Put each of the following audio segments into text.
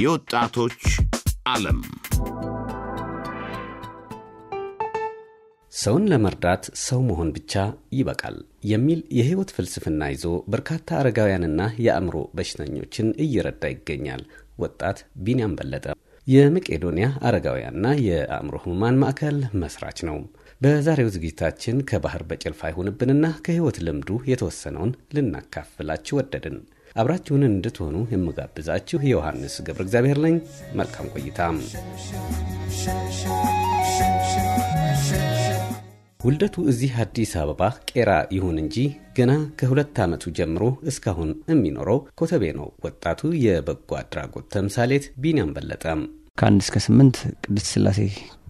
የወጣቶች ዓለም ሰውን ለመርዳት ሰው መሆን ብቻ ይበቃል የሚል የሕይወት ፍልስፍና ይዞ በርካታ አረጋውያንና የአእምሮ በሽተኞችን እየረዳ ይገኛል ወጣት ቢንያም በለጠ። የመቄዶንያ አረጋውያንና የአእምሮ ህሙማን ማዕከል መስራች ነው። በዛሬው ዝግጅታችን ከባህር በጭልፍ አይሆንብንና ከሕይወት ልምዱ የተወሰነውን ልናካፍላችሁ ወደድን። አብራችሁን እንድትሆኑ የምጋብዛችሁ የዮሐንስ ገብረ እግዚአብሔር ነኝ። መልካም ቆይታም። ውልደቱ እዚህ አዲስ አበባ ቄራ ይሁን እንጂ ገና ከሁለት ዓመቱ ጀምሮ እስካሁን የሚኖረው ኮተቤ ነው። ወጣቱ የበጎ አድራጎት ተምሳሌት ቢንያም በለጠም ከአንድ እስከ ስምንት ቅድስት ስላሴ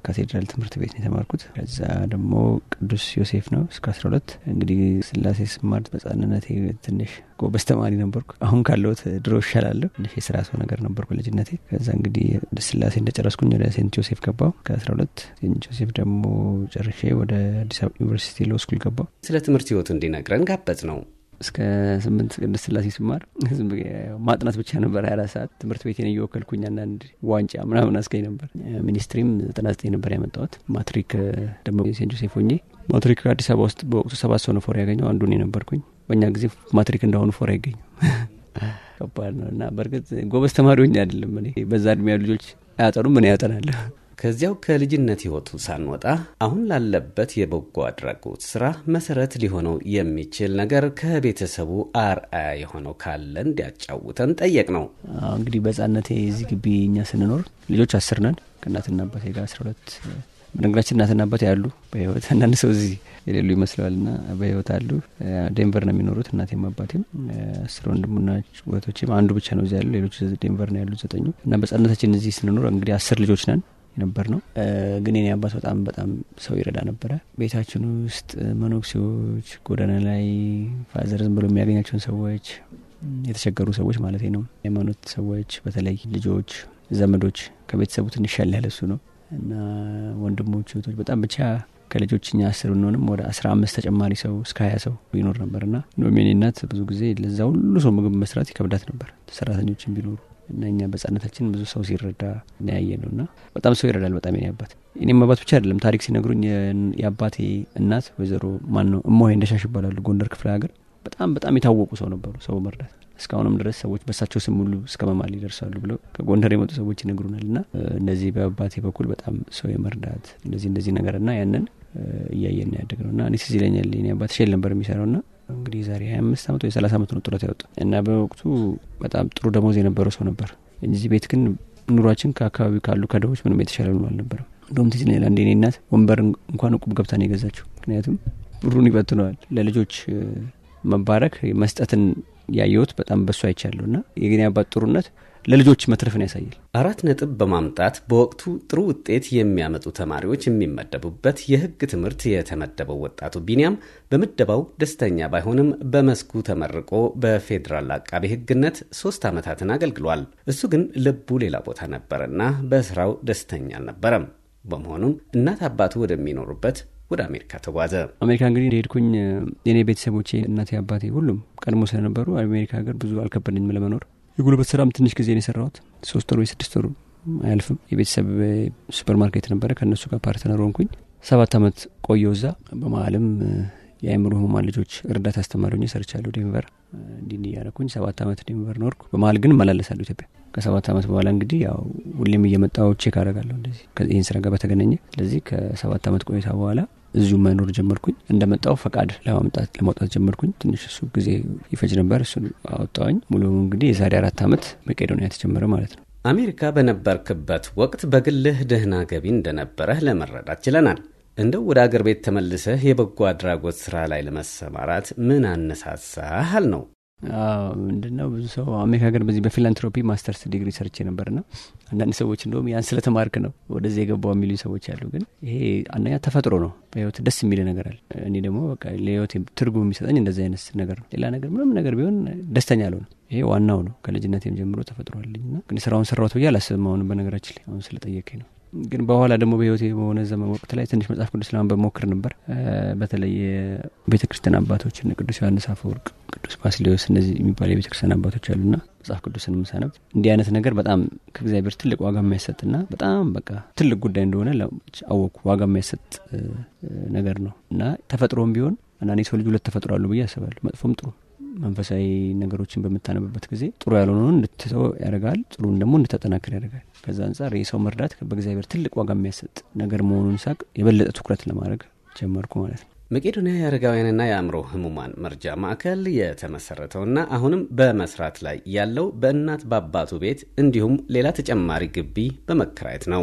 ካቴድራል ትምህርት ቤት ነው የተማርኩት። ከዛ ደግሞ ቅዱስ ዮሴፍ ነው እስከ አስራ ሁለት እንግዲህ ስላሴ ስማር በጻንነቴ ትንሽ ጎበዝ ተማሪ ነበርኩ። አሁን ካለውት ድሮ ይሻላለሁ። ትንሽ የስራ ሰው ነገር ነበርኩ ልጅነቴ። ከዛ እንግዲህ ስላሴ እንደጨረስኩኝ ወደ ሴንት ዮሴፍ ገባሁ ከአስራ ሁለት ሴንት ዮሴፍ ደግሞ ጨርሼ ወደ አዲስ አበባ ዩኒቨርሲቲ ሎ ስኩል ስለ ትምህርት ህይወቱ እንዲነግረን ጋበዝ ነው። እስከ ስምንት ቅድስት ስላሴ ስማር ማጥናት ብቻ ነበር ሀያ አራት ሰዓት ትምህርት ቤቴን እየወከልኩኝ አንዳንድ ዋንጫ ምናምን አስገኝ ነበር። ሚኒስትሪም ዘጠና ዘጠኝ ነበር ያመጣሁት። ማትሪክ ደግሞ ሴንት ጆሴፍ ሆኜ ማትሪክ አዲስ አበባ ውስጥ በወቅቱ ሰባት ሰው ነው ፎር ያገኘው አንዱ ኔ ነበርኩኝ። በእኛ ጊዜ ማትሪክ እንደሆኑ ፎር አይገኙ ከባድ ነው እና በእርግጥ ጎበዝ ተማሪዎች አይደለም እኔ በዛ እድሜ ያሉ ልጆች አያጠኑም፣ ምን ያጠናለሁ ከዚያው ከልጅነት ሕይወቱ ሳንወጣ አሁን ላለበት የበጎ አድራጎት ስራ መሰረት ሊሆነው የሚችል ነገር ከቤተሰቡ አርአያ የሆነው ካለ እንዲያጫውተን ጠየቅ ነው። እንግዲህ በሕጻንነቴ የዚህ ግቢ እኛ ስንኖር ልጆች አስር ነን ከእናትና አባቴ ጋር አስራ ሁለት በነገራችን እናትና አባት ያሉ በህይወት አንዳንድ ሰው እዚህ የሌሉ ይመስለዋል ና በህይወት አሉ። ዴንቨር ነው የሚኖሩት እናቴ አባቴም አስር ወንድሙና ወቶቼም አንዱ ብቻ ነው እዚህ ያሉ። ሌሎች ዴንቨር ነው ያሉ ዘጠኙ እና በጻነታችን እዚህ ስንኖር እንግዲህ አስር ልጆች ነን። የነበር ነው። ግን የኔ አባት በጣም በጣም ሰው ይረዳ ነበረ። ቤታችን ውስጥ መኖክሴዎች፣ ጎዳና ላይ ፋዘር ዝም ብሎ የሚያገኛቸውን ሰዎች፣ የተቸገሩ ሰዎች ማለት ነው፣ ሃይማኖት ሰዎች፣ በተለይ ልጆች፣ ዘመዶች ከቤተሰቡ ትንሽ ያለ ያለሱ ነው እና ወንድሞቹ ቶች በጣም ብቻ ከልጆች እኛ አስር ብንሆንም ወደ አስራ አምስት ተጨማሪ ሰው እስከ ሀያ ሰው ይኖር ነበር ና ኖሜኔ እናት ብዙ ጊዜ ለዛ ሁሉ ሰው ምግብ መስራት ይከብዳት ነበር፣ ሰራተኞችን ቢኖሩ እና እኛ በጻነታችን ብዙ ሰው ሲረዳ እናያየ ነው እና በጣም ሰው ይረዳል። በጣም ኔ አባት እኔም አባት ብቻ አይደለም ታሪክ ሲነግሩኝ የአባቴ እናት ወይዘሮ ማን ነው እሞ እንደሻሽ ይባላሉ። ጎንደር ክፍለ ሀገር በጣም በጣም የታወቁ ሰው ነበሩ። ሰው መርዳት እስካሁንም ድረስ ሰዎች በሳቸው ስም ሁሉ እስከ መማል ይደርሳሉ ብለው ከጎንደር የመጡ ሰዎች ይነግሩናል። እና እነዚህ በአባቴ በኩል በጣም ሰው የመርዳት እንደዚህ እንደዚህ ነገር ና ያንን እያየን ያደግ ነው እና እኔ ትዝ ይለኛል የኔ አባት ሼል ነበር የሚሰራው ና እንግዲህ ዛሬ ሀያ አምስት አመት ወይ ሰላሳ አመት ነው ጡረታ ያወጡ እና በወቅቱ በጣም ጥሩ ደሞዝ የነበረው ሰው ነበር። እዚህ ቤት ግን ኑሯችን ከአካባቢ ካሉ ከደቦች ምንም የተሻለ ኑሮ አልነበረም። እንደም ትዝ ይለኛል አንዴ እናት ወንበር እንኳን እቁብ ገብታ ነው የገዛችው። ምክንያቱም ብሩን ይበትነዋል። ለልጆች መባረክ መስጠትን ያየሁት በጣም በሱ አይቻለሁ እና የግን ያባት ጥሩነት ለልጆች መትረፍን ያሳያል። አራት ነጥብ በማምጣት በወቅቱ ጥሩ ውጤት የሚያመጡ ተማሪዎች የሚመደቡበት የሕግ ትምህርት የተመደበው ወጣቱ ቢኒያም በምደባው ደስተኛ ባይሆንም በመስኩ ተመርቆ በፌዴራል አቃቤ ሕግነት ሶስት ዓመታትን አገልግሏል። እሱ ግን ልቡ ሌላ ቦታ ነበረና በስራው ደስተኛ አልነበረም። በመሆኑም እናት አባቱ ወደሚኖሩበት ወደ አሜሪካ ተጓዘ። አሜሪካ እንግዲህ እንደሄድኩኝ የኔ ቤተሰቦቼ እናቴ፣ አባቴ ሁሉም ቀድሞ ስለነበሩ አሜሪካ ሀገር ብዙ አልከበደኝም ለመኖር የጉልበት ስራም ትንሽ ጊዜ ነው የሰራሁት። ሶስት ወር ወይ ስድስት ወር አያልፍም። የቤተሰብ ሱፐር ማርኬት ነበረ። ከእነሱ ጋር ፓርትነር ሆንኩኝ። ሰባት አመት ቆየው እዛ። በመሀልም የአይምሮ ህሙማን ልጆች እርዳት አስተማሪኝ ሰርቻለሁ ዴንቨር። እንዲህ እያለኩኝ ሰባት አመት ዴንቨር ኖርኩ። በመሀል ግን እመላለሳለሁ ኢትዮጵያ። ከሰባት አመት በኋላ እንግዲህ ያው ሁሌም እየመጣሁ ቼክ አደርጋለሁ እንደዚህ ይህን ስራ ጋር በተገናኘ። ስለዚህ ከሰባት አመት ቆይታ በኋላ እዚሁ መኖር ጀመርኩኝ። እንደመጣው ፈቃድ ለማምጣት ለማውጣት ጀመርኩኝ። ትንሽ እሱ ጊዜ ይፈጅ ነበር። እሱን አወጣውኝ ሙሉ እንግዲህ የዛሬ አራት ዓመት መቄዶንያ ተጀመረ ማለት ነው። አሜሪካ በነበርክበት ወቅት በግልህ ደህና ገቢ እንደነበረህ ለመረዳት ችለናል። እንደው ወደ አገር ቤት ተመልሰህ የበጎ አድራጎት ስራ ላይ ለመሰማራት ምን አነሳሳህ? አል ነው ምንድነው ብዙ ሰው አሜሪካ ሀገር በዚህ በፊላንትሮፒ ማስተርስ ዲግሪ ሰርቼ ና አንዳንድ ሰዎች እንደሁም ያን ስለተማርክ ነው ወደዚህ የገባው የሚሉ ሰዎች አሉ። ግን ይሄ አንደኛ ተፈጥሮ ነው፣ በህይወት ደስ የሚል ነገር አለ። እኔ ደግሞ በቃ ለህይወት ትርጉም የሚሰጠኝ እንደዚህ አይነት ነገር ነው። ሌላ ነገር ምንም ነገር ቢሆን ደስተኛ አልሆንም። ይሄ ዋናው ነው። ከልጅነቴም ጀምሮ ና ግን ስራውን ሰራት ብዬ አላስብም። አሁንም በነገራችን ላይ አሁን ስለጠየቀኝ ነው ግን በኋላ ደግሞ በህይወቴ በሆነ ዘመን ወቅት ላይ ትንሽ መጽሐፍ ቅዱስ ለማንበብ ሞክር ነበር። በተለይ ቤተ ክርስቲያን አባቶች ቅዱስ ዮሐንስ አፈወርቅ፣ ቅዱስ ባስሌዎስ እነዚህ የሚባሉ የቤተ ክርስቲያን አባቶች አሉና መጽሐፍ ቅዱስን ምሳነብ እንዲህ አይነት ነገር በጣም ከእግዚአብሔር ትልቅ ዋጋ የማይሰጥና በጣም በቃ ትልቅ ጉዳይ እንደሆነ አወቅኩ። ዋጋ የማይሰጥ ነገር ነው እና ተፈጥሮም ቢሆን እና እኔ ሰው ልጅ ሁለት ተፈጥሮ አሉ ብዬ አስባለሁ። መጥፎም ጥሩ መንፈሳዊ ነገሮችን በምታነብበት ጊዜ ጥሩ ያልሆነውን እንድትተው ያደርጋል፣ ጥሩን ደግሞ እንድታጠናክር ያደርጋል። ከዛ አንጻር የሰው መርዳት በእግዚአብሔር ትልቅ ዋጋ የሚያሰጥ ነገር መሆኑን ሳቅ የበለጠ ትኩረት ለማድረግ ጀመርኩ ማለት ነው። መቄዶንያ የአረጋውያንና የአእምሮ ህሙማን መርጃ ማዕከል የተመሰረተውና አሁንም በመስራት ላይ ያለው በእናት በአባቱ ቤት እንዲሁም ሌላ ተጨማሪ ግቢ በመከራየት ነው።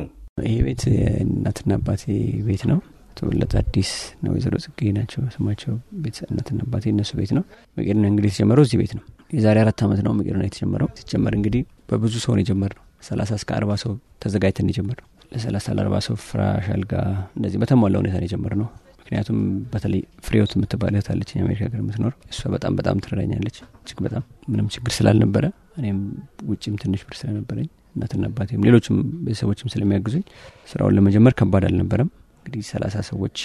ይሄ ቤት እናትና አባቴ ቤት ነው። ተወለት አዲስ ነው። ወይዘሮ ጽጌ ናቸው ስማቸው። ቤተሰብ ነባት አባቴ እነሱ ቤት ነው። መቄድ እንግዲህ የተጀመረው እዚህ ቤት ነው። የዛሬ አራት ዓመት ነው መቄድ የተጀመረው። ሲጀመር እንግዲህ በብዙ ሰው ነው ነው ሰላሳ እስከ አርባ ሰው ተዘጋጅተን ነው ለሰላሳ ለአርባ ሰው ፍራሽ፣ አልጋ እንደዚህ በተሟላ ሁኔታ ነው ነው ምክንያቱም በተለይ ፍሬዎት የምትባል እህት አለች የአሜሪካ ሀገር የምትኖር እሷ በጣም በጣም ትረዳኛለች። እጅግ በጣም ምንም ችግር ስላልነበረ እኔም ውጭም ትንሽ ብር ስለነበረኝ እናትና አባቴም ሌሎችም ቤተሰቦችም ስለሚያግዙኝ ስራውን ለመጀመር ከባድ አልነበረም። እንግዲህ ሰላሳ ሰዎች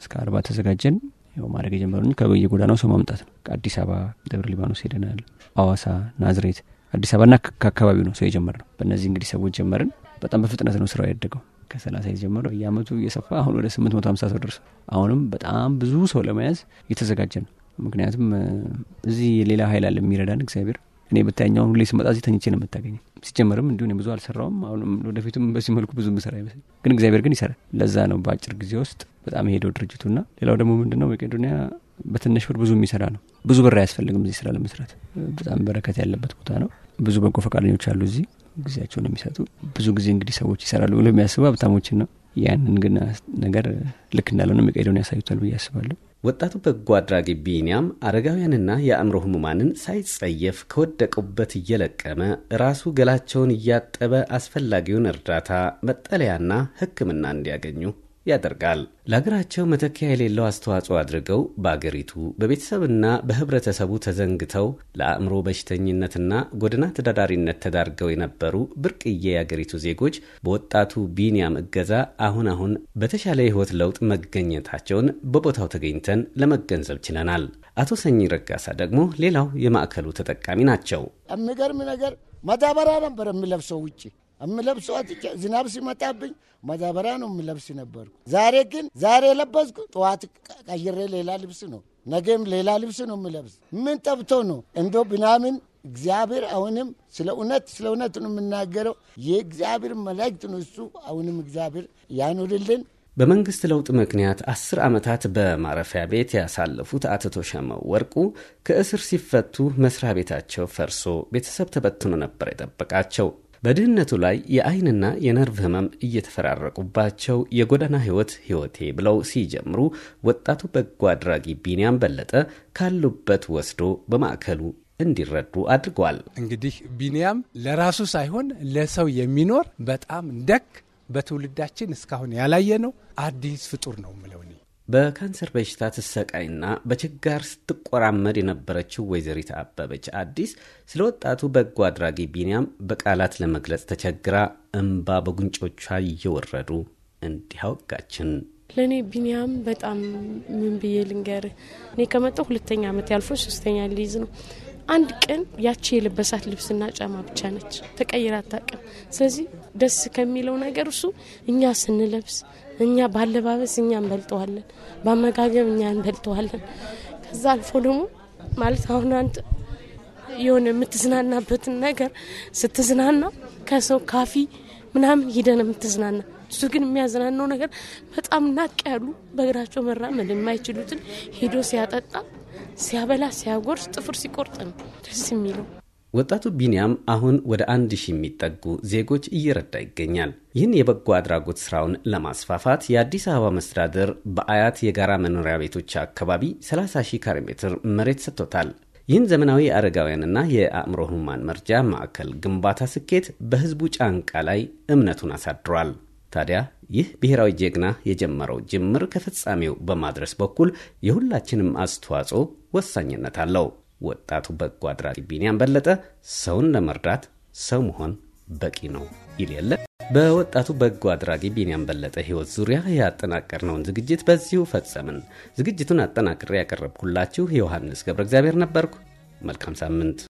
እስከ አርባ ተዘጋጀን። ያው ማድረግ የጀመሩኝ ከበየጎዳናው ሰው ማምጣት ነው። ከአዲስ አበባ ደብረ ሊባኖስ ሄደናል፣ አዋሳ፣ ናዝሬት፣ አዲስ ና ከአካባቢው ነው ሰው ነው በእነዚህ እንግዲህ ሰዎች ጀመርን። በጣም በፍጥነት ነው ስራው ያደገው። ከሰላሳ የጀመረው እየአመቱ እየሰፋ አሁን ወደ ስምንት መቶ ሀምሳ ሰው ደርሷል። አሁንም በጣም ብዙ ሰው ለመያዝ እየተዘጋጀ ነው። ምክንያቱም እዚህ ሌላ ሀይል አለ የሚረዳን እግዚአብሔር እኔ ብታኛውን ሁሌ ስመጣ እዚህ ተኝቼ ነው የምታገኘ። ሲጀመርም እንዲሁ ብዙ አልሰራውም። አሁንም ወደፊቱም በዚህ መልኩ ብዙ ምሰራ አይመስል፣ ግን እግዚአብሔር ግን ይሰራል። ለዛ ነው በአጭር ጊዜ ውስጥ በጣም የሄደው ድርጅቱና ሌላው ደግሞ ምንድነው መቄዶንያ በትንሽ ብር ብዙ የሚሰራ ነው። ብዙ ብር አያስፈልግም እዚህ ስራ ለመስራት። በጣም በረከት ያለበት ቦታ ነው። ብዙ በጎ ፈቃደኞች አሉ እዚህ ጊዜያቸውን የሚሰጡ ብዙ ጊዜ እንግዲህ ሰዎች ይሰራሉ ብሎ የሚያስቡ ሀብታሞችን ነው። ያንን ግን ነገር ልክ እንዳለሆነ መቄዶንያ ያሳዩታል ብዬ አስባለሁ። ወጣቱ በጎ አድራጊ ቢኒያም አረጋውያንና የአእምሮ ህሙማንን ሳይጸየፍ ከወደቁበት እየለቀመ ራሱ ገላቸውን እያጠበ አስፈላጊውን እርዳታ መጠለያና ሕክምና እንዲያገኙ ያደርጋል። ለሀገራቸው መተኪያ የሌለው አስተዋጽኦ አድርገው በአገሪቱ በቤተሰብና በህብረተሰቡ ተዘንግተው ለአእምሮ በሽተኝነትና ጎድና ተዳዳሪነት ተዳርገው የነበሩ ብርቅዬ የአገሪቱ ዜጎች በወጣቱ ቢንያም እገዛ አሁን አሁን በተሻለ የህይወት ለውጥ መገኘታቸውን በቦታው ተገኝተን ለመገንዘብ ችለናል። አቶ ሰኚ ረጋሳ ደግሞ ሌላው የማዕከሉ ተጠቃሚ ናቸው። የሚገርም ነገር ማዳበሪያ ነበር የሚለብሰው ውጭ የምለብሰው ዝናብ ሲመጣብኝ ማዳበሪያ ነው የምለብስ ነበርኩ። ዛሬ ግን ዛሬ የለበስኩ ጠዋት ቀይሬ ሌላ ልብስ ነው፣ ነገም ሌላ ልብስ ነው የምለብስ። ምን ጠብቶ ነው እንዶ ብናምን እግዚአብሔር አሁንም ስለ እውነት ስለ እውነት ነው የምናገረው። የእግዚአብሔር መላእክት ነው እሱ። አሁንም እግዚአብሔር ያኑርልን። በመንግስት ለውጥ ምክንያት አስር ዓመታት በማረፊያ ቤት ያሳለፉት አቶ ሸመው ወርቁ ከእስር ሲፈቱ መስሪያ ቤታቸው ፈርሶ ቤተሰብ ተበትኖ ነበር የጠበቃቸው። በድህነቱ ላይ የአይንና የነርቭ ህመም እየተፈራረቁባቸው የጎዳና ህይወት ህይወቴ ብለው ሲጀምሩ ወጣቱ በጎ አድራጊ ቢንያም በለጠ ካሉበት ወስዶ በማዕከሉ እንዲረዱ አድርጓል። እንግዲህ ቢንያም ለራሱ ሳይሆን ለሰው የሚኖር በጣም ደግ፣ በትውልዳችን እስካሁን ያላየ ነው። አዲስ ፍጡር ነው ምለውኒ በካንሰር በሽታ ትሰቃይና በችጋር ስትቆራመድ የነበረችው ወይዘሪት አበበች አዲስ ስለ ወጣቱ በጎ አድራጊ ቢንያም በቃላት ለመግለጽ ተቸግራ እምባ በጉንጮቿ እየወረዱ እንዲህ አወጋችን። ለእኔ ቢንያም በጣም ምን ብዬ ልንገር፣ እኔ ከመጣው ሁለተኛ ዓመት ያልፎ ሶስተኛ ሊይዝ ነው። አንድ ቀን ያቺ የለበሳት ልብስና ጫማ ብቻ ነች፣ ተቀይራ አታውቅም። ስለዚህ ደስ ከሚለው ነገር እሱ እኛ ስንለብስ እኛ ባለባበስ እኛ እንበልጠዋለን፣ በአመጋገብ እኛ እንበልጠዋለን። ከዛ አልፎ ደግሞ ማለት አሁን አንተ የሆነ የምትዝናናበትን ነገር ስትዝናና ከሰው ካፊ ምናምን ሂደን የምትዝናና እሱ ግን የሚያዝናናው ነገር በጣም ናቅ ያሉ በእግራቸው መራመድ የማይችሉትን ሄዶ ሲያጠጣ ሲያበላ ሲያጎርስ ጥፍር ሲቆርጥ ነው ደስ የሚለው። ወጣቱ ቢንያም አሁን ወደ አንድ ሺህ የሚጠጉ ዜጎች እየረዳ ይገኛል። ይህን የበጎ አድራጎት ስራውን ለማስፋፋት የአዲስ አበባ መስተዳደር በአያት የጋራ መኖሪያ ቤቶች አካባቢ 30 ሺህ ካሬ ሜትር መሬት ሰጥቶታል። ይህን ዘመናዊ አረጋውያንና የአእምሮ ህሙማን መርጃ ማዕከል ግንባታ ስኬት በህዝቡ ጫንቃ ላይ እምነቱን አሳድሯል። ታዲያ ይህ ብሔራዊ ጀግና የጀመረው ጅምር ከፍጻሜው በማድረስ በኩል የሁላችንም አስተዋጽኦ ወሳኝነት አለው። ወጣቱ በጎ አድራጊ ቢኒያም በለጠ ሰውን ለመርዳት ሰው መሆን በቂ ነው ይል የለ። በወጣቱ በጎ አድራጊ ቢኒያም በለጠ ህይወት ዙሪያ ያጠናቀርነውን ዝግጅት በዚሁ ፈጸምን። ዝግጅቱን አጠናቅሬ ያቀረብኩላችሁ ዮሐንስ ገብረ እግዚአብሔር ነበርኩ። መልካም ሳምንት።